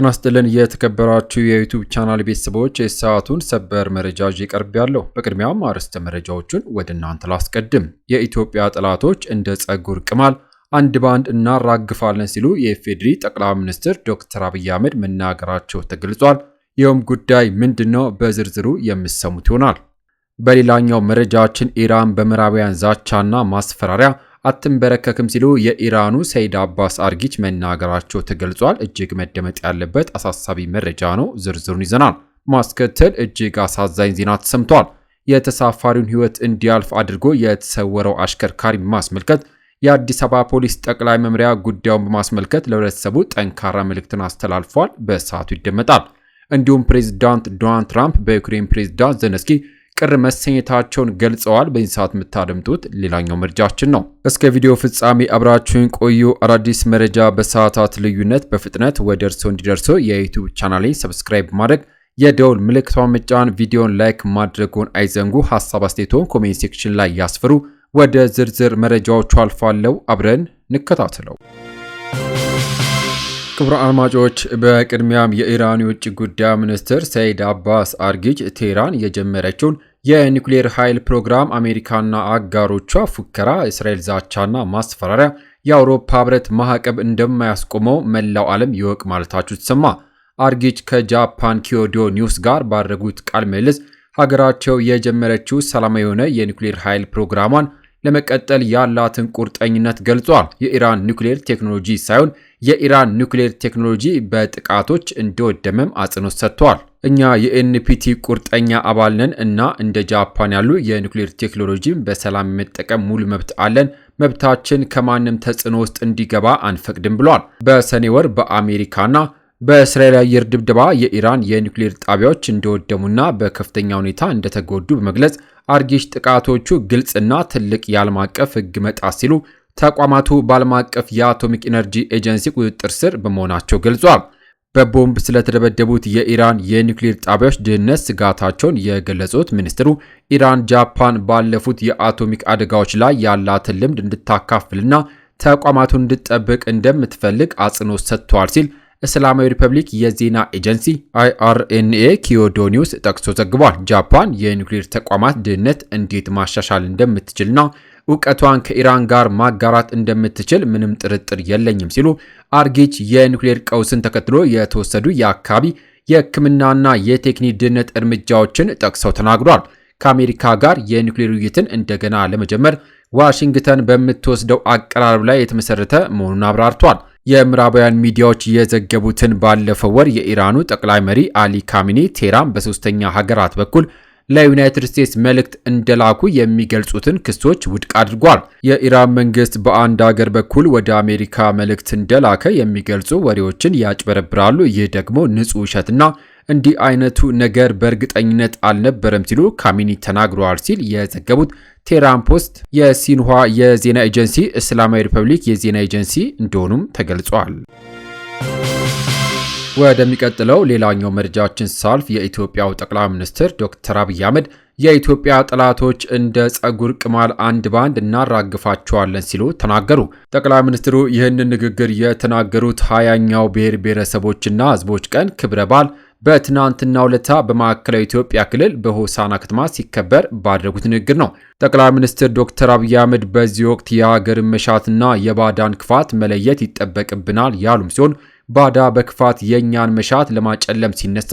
ጤና ይስጥልን የተከበራችሁ የዩቱብ ቻናል ቤተሰቦች የሰዓቱን ሰበር መረጃ ይዤ ቀርቤያለሁ። በቅድሚያም አርዕስተ መረጃዎቹን ወደ እናንተ ላስቀድም። የኢትዮጵያ ጠላቶች እንደ ጸጉር ቅማል አንድ ባንድ እናራግፋለን ሲሉ የኢፌዴሪ ጠቅላይ ሚኒስትር ዶክተር አብይ አህመድ መናገራቸው ተገልጿል። ይኸውም ጉዳይ ምንድን ነው? በዝርዝሩ የምሰሙት ይሆናል። በሌላኛው መረጃችን ኢራን በምዕራባውያን ዛቻና ማስፈራሪያ አትንበረከክም ሲሉ የኢራኑ ሰይድ አባስ አርጊች መናገራቸው ተገልጿል። እጅግ መደመጥ ያለበት አሳሳቢ መረጃ ነው። ዝርዝሩን ይዘናል። ማስከተል እጅግ አሳዛኝ ዜና ተሰምቷል። የተሳፋሪውን ሕይወት እንዲያልፍ አድርጎ የተሰወረው አሽከርካሪ በማስመልከት የአዲስ አበባ ፖሊስ ጠቅላይ መምሪያ ጉዳዩን በማስመልከት ለህብረተሰቡ ጠንካራ መልእክትን አስተላልፏል። በሰዓቱ ይደመጣል። እንዲሁም ፕሬዚዳንት ዶናልድ ትራምፕ በዩክሬን ፕሬዚዳንት ዘለንስኪ ቅር መሰኘታቸውን ገልጸዋል። በዚህ ሰዓት የምታደምጡት ሌላኛው ምርጫችን ነው። እስከ ቪዲዮ ፍጻሜ አብራችሁን ቆዩ። አዳዲስ መረጃ በሰዓታት ልዩነት በፍጥነት ወደ እርስዎ እንዲደርሶ የዩቱብ ቻናሌን ሰብስክራይብ ማድረግ የደውል ምልክቷን መጫን፣ ቪዲዮን ላይክ ማድረጉን አይዘንጉ። ሀሳብ አስተያየቶን ኮሜንት ሴክሽን ላይ ያስፍሩ። ወደ ዝርዝር መረጃዎቹ አልፋለው። አብረን እንከታተለው። ክቡር አድማጮች በቅድሚያም የኢራን የውጭ ጉዳይ ሚኒስትር ሰይድ አባስ አርጊጅ ቴህራን የጀመረችውን የኒውክሌር ኃይል ፕሮግራም አሜሪካና አጋሮቿ ፉከራ፣ እስራኤል ዛቻና ማስፈራሪያ የአውሮፓ ህብረት ማዕቀብ እንደማያስቆመው መላው ዓለም ይወቅ ማለታችሁ ተሰማ። አርጊች ከጃፓን ኪዮዶ ኒውስ ጋር ባደረጉት ቃለ ምልልስ ሀገራቸው የጀመረችው ሰላማዊ የሆነ የኒውክሌር ኃይል ፕሮግራሟን ለመቀጠል ያላትን ቁርጠኝነት ገልጿል። የኢራን ኒውክሌር ቴክኖሎጂ ሳይሆን የኢራን ኒውክሌር ቴክኖሎጂ በጥቃቶች እንደወደመም አጽንኦት ሰጥቷል። እኛ የኤንፒቲ ቁርጠኛ አባል ነን እና እንደ ጃፓን ያሉ የኒውክሌር ቴክኖሎጂን በሰላም የመጠቀም ሙሉ መብት አለን። መብታችን ከማንም ተጽዕኖ ውስጥ እንዲገባ አንፈቅድም ብሏል። በሰኔ ወር በአሜሪካና በእስራኤል አየር ድብደባ የኢራን የኒውክሌር ጣቢያዎች እንደወደሙና በከፍተኛ ሁኔታ እንደተጎዱ በመግለጽ አርጊሽ ጥቃቶቹ ግልጽና ትልቅ የዓለም አቀፍ ሕግ መጣስ ሲሉ ተቋማቱ በዓለም አቀፍ የአቶሚክ ኤነርጂ ኤጀንሲ ቁጥጥር ስር በመሆናቸው ገልጿል። በቦምብ ስለተደበደቡት የኢራን የኒውክሌር ጣቢያዎች ድህነት ስጋታቸውን የገለጹት ሚኒስትሩ ኢራን ጃፓን ባለፉት የአቶሚክ አደጋዎች ላይ ያላትን ልምድ እንድታካፍልና ተቋማቱን እንድትጠብቅ እንደምትፈልግ አጽንኦት ሰጥተዋል ሲል እስላማዊ ሪፐብሊክ የዜና ኤጀንሲ አይአርኤንኤ ኪዮዶ ኒውስ ጠቅሶ ዘግቧል። ጃፓን የኒውክሌር ተቋማት ድህነት እንዴት ማሻሻል እንደምትችልና እውቀቷን ከኢራን ጋር ማጋራት እንደምትችል ምንም ጥርጥር የለኝም ሲሉ አርጌች የኒውክሌር ቀውስን ተከትሎ የተወሰዱ የአካባቢ የሕክምናና የቴክኒክ ድህነት እርምጃዎችን ጠቅሰው ተናግሯል። ከአሜሪካ ጋር የኒውክሌር ውይይትን እንደገና ለመጀመር ዋሽንግተን በምትወስደው አቀራረብ ላይ የተመሰረተ መሆኑን አብራርቷል። የምዕራባውያን ሚዲያዎች የዘገቡትን ባለፈው ወር የኢራኑ ጠቅላይ መሪ አሊ ካሚኔ ቴራን በሶስተኛ ሀገራት በኩል ለዩናይትድ ስቴትስ መልእክት እንደላኩ የሚገልጹትን ክሶች ውድቅ አድርጓል። የኢራን መንግስት በአንድ አገር በኩል ወደ አሜሪካ መልእክት እንደላከ የሚገልጹ ወሬዎችን ያጭበረብራሉ። ይህ ደግሞ ንጹህ ውሸትና እንዲህ አይነቱ ነገር በእርግጠኝነት አልነበረም ሲሉ ካሚኒ ተናግረዋል ሲል የዘገቡት ቴራን ፖስት የሲንኋ የዜና ኤጀንሲ እስላማዊ ሪፐብሊክ የዜና ኤጀንሲ እንደሆኑም ተገልጿል። ወደሚቀጥለው ሌላኛው መረጃችን ሳልፍ የኢትዮጵያው ጠቅላይ ሚኒስትር ዶክተር አብይ አህመድ የኢትዮጵያ ጠላቶች እንደ ጸጉር ቅማል አንድ ባንድ እናራግፋቸዋለን ሲሉ ተናገሩ። ጠቅላይ ሚኒስትሩ ይህንን ንግግር የተናገሩት ሀያኛው ብሔር ብሔረሰቦችና ሕዝቦች ቀን ክብረ በዓል በትናንትናው ዕለት በማዕከላዊ ኢትዮጵያ ክልል በሆሳና ከተማ ሲከበር ባደረጉት ንግግር ነው። ጠቅላይ ሚኒስትር ዶክተር አብይ አህመድ በዚህ ወቅት የሀገርን መሻትና የባዳን ክፋት መለየት ይጠበቅብናል ያሉም ሲሆን ባዳ በክፋት የእኛን መሻት ለማጨለም ሲነሳ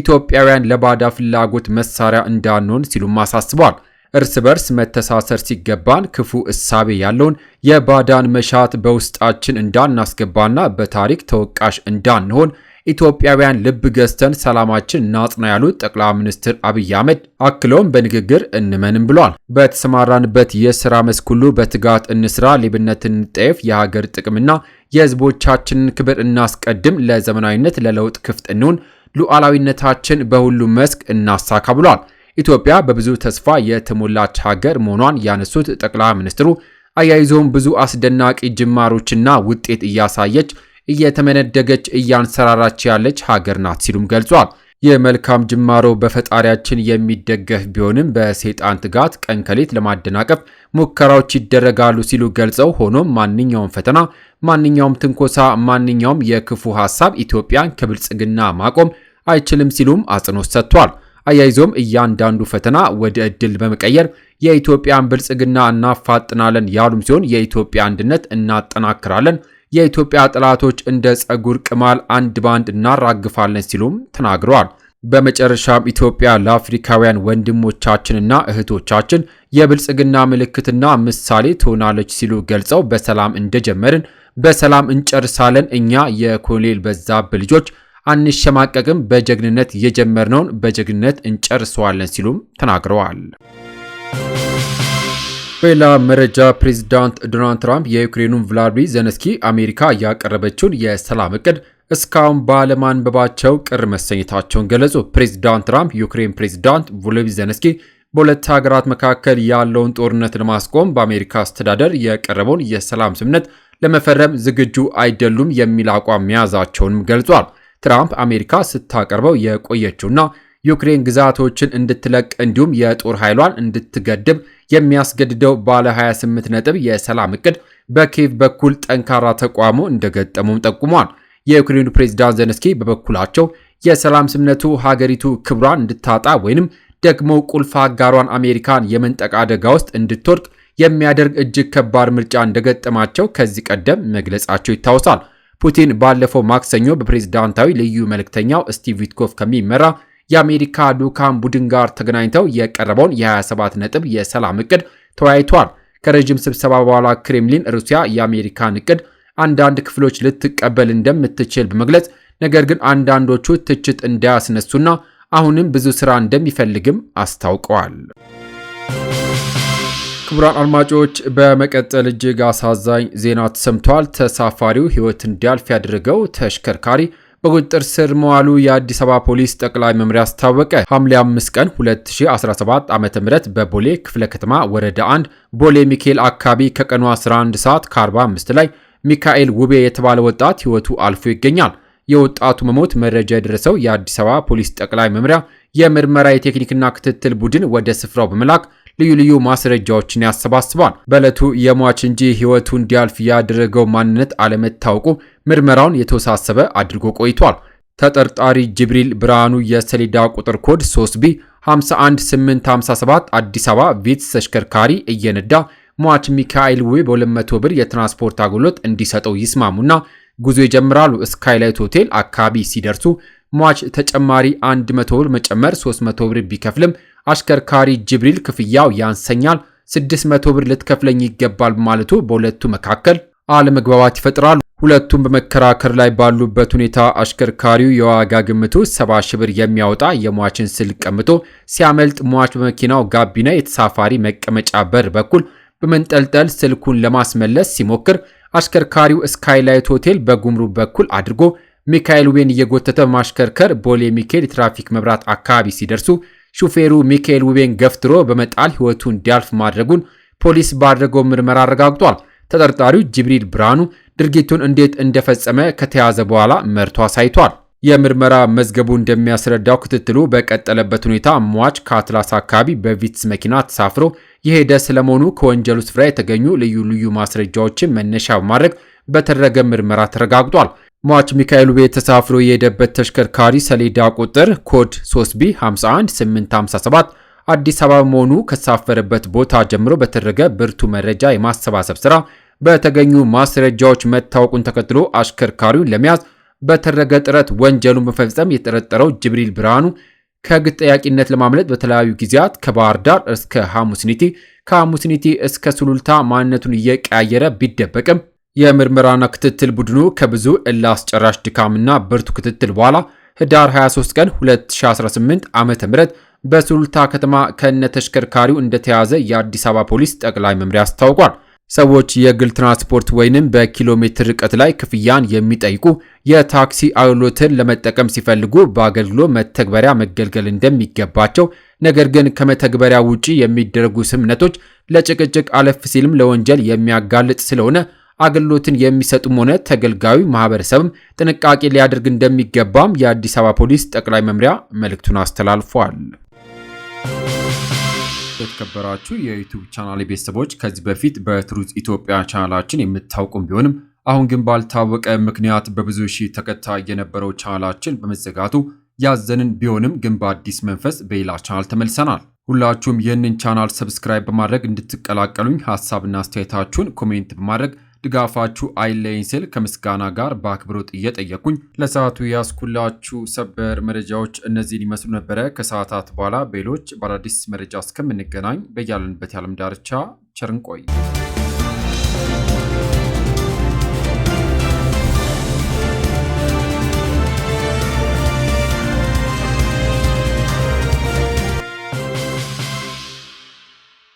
ኢትዮጵያውያን ለባዳ ፍላጎት መሳሪያ እንዳንሆን ሲሉም አሳስበዋል። እርስ በርስ መተሳሰር ሲገባን ክፉ እሳቤ ያለውን የባዳን መሻት በውስጣችን እንዳናስገባና በታሪክ ተወቃሽ እንዳንሆን ኢትዮጵያውያን ልብ ገዝተን ሰላማችን እናጽና ያሉት ጠቅላይ ሚኒስትር አብይ አህመድ አክለውም በንግግር እንመንም ብሏል። በተሰማራንበት የስራ መስክ ሁሉ በትጋት እንስራ፣ ሌብነትን እንጠየፍ፣ የሀገር ጥቅምና የህዝቦቻችንን ክብር እናስቀድም፣ ለዘመናዊነት ለለውጥ ክፍት እንሁን፣ ሉዓላዊነታችን በሁሉም መስክ እናሳካ ብሏል። ኢትዮጵያ በብዙ ተስፋ የተሞላች ሀገር መሆኗን ያነሱት ጠቅላይ ሚኒስትሩ አያይዞም ብዙ አስደናቂ ጅማሮችና ውጤት እያሳየች እየተመነደገች እያንሰራራች ያለች ሀገር ናት ሲሉም ገልጿል። የመልካም ጅማሮ በፈጣሪያችን የሚደገፍ ቢሆንም በሴጣን ትጋት ቀን ከሌት ለማደናቀፍ ሙከራዎች ይደረጋሉ ሲሉ ገልጸው፣ ሆኖም ማንኛውም ፈተና፣ ማንኛውም ትንኮሳ፣ ማንኛውም የክፉ ሀሳብ ኢትዮጵያን ከብልጽግና ማቆም አይችልም ሲሉም አጽንኦት ሰጥቷል። አያይዞም እያንዳንዱ ፈተና ወደ እድል በመቀየር የኢትዮጵያን ብልጽግና እናፋጥናለን ያሉም ሲሆን የኢትዮጵያ አንድነት እናጠናክራለን የኢትዮጵያ ጠላቶች እንደ ጸጉር ቅማል አንድ ባንድ እናራግፋለን ሲሉም ተናግረዋል። በመጨረሻም ኢትዮጵያ ለአፍሪካውያን ወንድሞቻችንና እህቶቻችን የብልጽግና ምልክትና ምሳሌ ትሆናለች ሲሉ ገልጸው በሰላም እንደጀመርን በሰላም እንጨርሳለን። እኛ የኮሎኔል በዛብህ ልጆች አንሸማቀቅም። በጀግንነት የጀመርነውን በጀግንነት እንጨርሰዋለን ሲሉም ተናግረዋል። በሌላ መረጃ ፕሬዚዳንት ዶናልድ ትራምፕ የዩክሬኑን ቭላድሚር ዘነስኪ አሜሪካ ያቀረበችውን የሰላም እቅድ እስካሁን ባለማንበባቸው ቅር መሰኘታቸውን ገለጹ። ፕሬዚዳንት ትራምፕ ዩክሬን ፕሬዚዳንት ቮሎዲሚር ዘነስኪ በሁለት ሀገራት መካከል ያለውን ጦርነት ለማስቆም በአሜሪካ አስተዳደር የቀረበውን የሰላም ስምምነት ለመፈረም ዝግጁ አይደሉም የሚል አቋም መያዛቸውንም ገልጿል። ትራምፕ አሜሪካ ስታቀርበው የቆየችውና ዩክሬን ግዛቶችን እንድትለቅ እንዲሁም የጦር ኃይሏን እንድትገድብ የሚያስገድደው ባለ 28 ነጥብ የሰላም እቅድ በኪየቭ በኩል ጠንካራ ተቋሞ እንደገጠሙም ጠቁሟል። የዩክሬኑ ፕሬዝዳንት ዘለንስኪ በበኩላቸው የሰላም ስምነቱ ሀገሪቱ ክብሯን እንድታጣ ወይንም ደግሞ ቁልፍ አጋሯን አሜሪካን የመንጠቅ አደጋ ውስጥ እንድትወድቅ የሚያደርግ እጅግ ከባድ ምርጫ እንደገጠማቸው ከዚህ ቀደም መግለጻቸው ይታወሳል። ፑቲን ባለፈው ማክሰኞ በፕሬዝዳንታዊ ልዩ መልእክተኛው ስቲቭ ዊትኮፍ ከሚመራ የአሜሪካ ልዑካን ቡድን ጋር ተገናኝተው የቀረበውን የ27 ነጥብ የሰላም እቅድ ተወያይቷል። ከረዥም ስብሰባ በኋላ ክሬምሊን ሩሲያ የአሜሪካን እቅድ አንዳንድ ክፍሎች ልትቀበል እንደምትችል በመግለጽ ነገር ግን አንዳንዶቹ ትችት እንዳያስነሱና አሁንም ብዙ ስራ እንደሚፈልግም አስታውቀዋል። ክቡራን አድማጮች በመቀጠል እጅግ አሳዛኝ ዜና ተሰምተዋል። ተሳፋሪው ሕይወት እንዲያልፍ ያደረገው ተሽከርካሪ በቁጥጥር ስር መዋሉ የአዲስ አበባ ፖሊስ ጠቅላይ መምሪያ አስታወቀ። ሐምሌ 5 ቀን 2017 ዓ ም በቦሌ ክፍለ ከተማ ወረዳ 1 ቦሌ ሚካኤል አካባቢ ከቀኑ 11 ሰዓት ከ45 ላይ ሚካኤል ውቤ የተባለ ወጣት ሕይወቱ አልፎ ይገኛል። የወጣቱ መሞት መረጃ የደረሰው የአዲስ አበባ ፖሊስ ጠቅላይ መምሪያ የምርመራ የቴክኒክና ክትትል ቡድን ወደ ስፍራው በመላክ ልዩ ልዩ ማስረጃዎችን ያሰባስባል። በዕለቱ የሟች እንጂ ህይወቱ እንዲያልፍ ያደረገው ማንነት አለመታወቁ ምርመራውን የተወሳሰበ አድርጎ ቆይቷል። ተጠርጣሪ ጅብሪል ብርሃኑ የሰሌዳ ቁጥር ኮድ 3 ቢ 51857 አዲስ አበባ ቪትስ ተሽከርካሪ እየነዳ ሟች ሚካኤል ዌ በ200 ብር የትራንስፖርት አገልግሎት እንዲሰጠው ይስማሙና ጉዞ ይጀምራሉ። ስካይላይት ሆቴል አካባቢ ሲደርሱ ሟች ተጨማሪ 100 ብር መጨመር 300 ብር ቢከፍልም አሽከርካሪ ጅብሪል ክፍያው ያንሰኛል 600 ብር ልትከፍለኝ ይገባል ማለቱ በሁለቱ መካከል አለመግባባት ይፈጥራሉ። ሁለቱም በመከራከር ላይ ባሉበት ሁኔታ አሽከርካሪው የዋጋ ግምቱ ሰባ ሺህ ብር የሚያወጣ የሟችን ስልክ ቀምቶ ሲያመልጥ ሟች በመኪናው ጋቢና የተሳፋሪ መቀመጫ በር በኩል በመንጠልጠል ስልኩን ለማስመለስ ሲሞክር አሽከርካሪው ስካይላይት ሆቴል በጉምሩ በኩል አድርጎ ሚካኤል ውቤን እየጎተተ በማሽከርከር ቦሌ ሚካኤል የትራፊክ መብራት አካባቢ ሲደርሱ ሹፌሩ ሚካኤል ውቤን ገፍትሮ በመጣል ሕይወቱ እንዲያልፍ ማድረጉን ፖሊስ ባደረገው ምርመራ አረጋግጧል። ተጠርጣሪው ጅብሪል ብርሃኑ ድርጊቱን እንዴት እንደፈጸመ ከተያዘ በኋላ መርቶ አሳይቷል። የምርመራ መዝገቡ እንደሚያስረዳው ክትትሉ በቀጠለበት ሁኔታ ሟች ከአትላስ አካባቢ በቪትስ መኪና ተሳፍሮ የሄደ ስለመሆኑ ከወንጀሉ ስፍራ የተገኙ ልዩ ልዩ ማስረጃዎችን መነሻ በማድረግ በተደረገ ምርመራ ተረጋግጧል። ሟች ሚካኤል ቤ ተሳፍሮ የሄደበት ተሽከርካሪ ሰሌዳ ቁጥር ኮድ 3 ቢ 51857 አዲስ አበባ መሆኑ ከተሳፈረበት ቦታ ጀምሮ በተደረገ ብርቱ መረጃ የማሰባሰብ ስራ በተገኙ ማስረጃዎች መታወቁን ተከትሎ አሽከርካሪውን ለመያዝ በተደረገ ጥረት ወንጀሉን በመፈጸም የተጠረጠረው ጅብሪል ብርሃኑ ከሕግ ጠያቂነት ለማምለጥ በተለያዩ ጊዜያት ከባህር ዳር እስከ ሐሙስኒቲ ከሐሙስኒቲ እስከ ሱሉልታ ማንነቱን እየቀያየረ ቢደበቅም የምርመራና ክትትል ቡድኑ ከብዙ እላስጨራሽ ድካምና ብርቱ ክትትል በኋላ ህዳር 23 ቀን 2018 ዓ ም በሱሉልታ ከተማ ከነ ተሽከርካሪው እንደተያዘ የአዲስ አበባ ፖሊስ ጠቅላይ መምሪያ አስታውቋል። ሰዎች የግል ትራንስፖርት ወይንም በኪሎ ሜትር ርቀት ላይ ክፍያን የሚጠይቁ የታክሲ አገልግሎትን ለመጠቀም ሲፈልጉ በአገልግሎት መተግበሪያ መገልገል እንደሚገባቸው፣ ነገር ግን ከመተግበሪያ ውጪ የሚደረጉ ስምነቶች ለጭቅጭቅ አለፍ ሲልም ለወንጀል የሚያጋልጥ ስለሆነ አገልግሎትን የሚሰጡም ሆነ ተገልጋዩ ማህበረሰብም ጥንቃቄ ሊያደርግ እንደሚገባም የአዲስ አበባ ፖሊስ ጠቅላይ መምሪያ መልእክቱን አስተላልፏል። የተከበራችሁ የዩቱብ ቻናል ቤተሰቦች ከዚህ በፊት በትሩዝ ኢትዮጵያ ቻናላችን የምታውቁም ቢሆንም አሁን ግን ባልታወቀ ምክንያት በብዙ ሺህ ተከታይ የነበረው ቻናላችን በመዘጋቱ ያዘንን ቢሆንም ግን በአዲስ መንፈስ በሌላ ቻናል ተመልሰናል። ሁላችሁም ይህንን ቻናል ሰብስክራይብ በማድረግ እንድትቀላቀሉኝ ሀሳብና አስተያየታችሁን ኮሜንት በማድረግ ድጋፋችሁ አይለይኝ ስል ከምስጋና ጋር በአክብሮት እየጠየኩኝ ለሰዓቱ ያስኩላችሁ ሰበር መረጃዎች እነዚህን ይመስሉ ነበረ። ከሰዓታት በኋላ በሌሎች በአዳዲስ መረጃ እስከምንገናኝ በያለንበት የዓለም ዳርቻ ቸርን ቆይ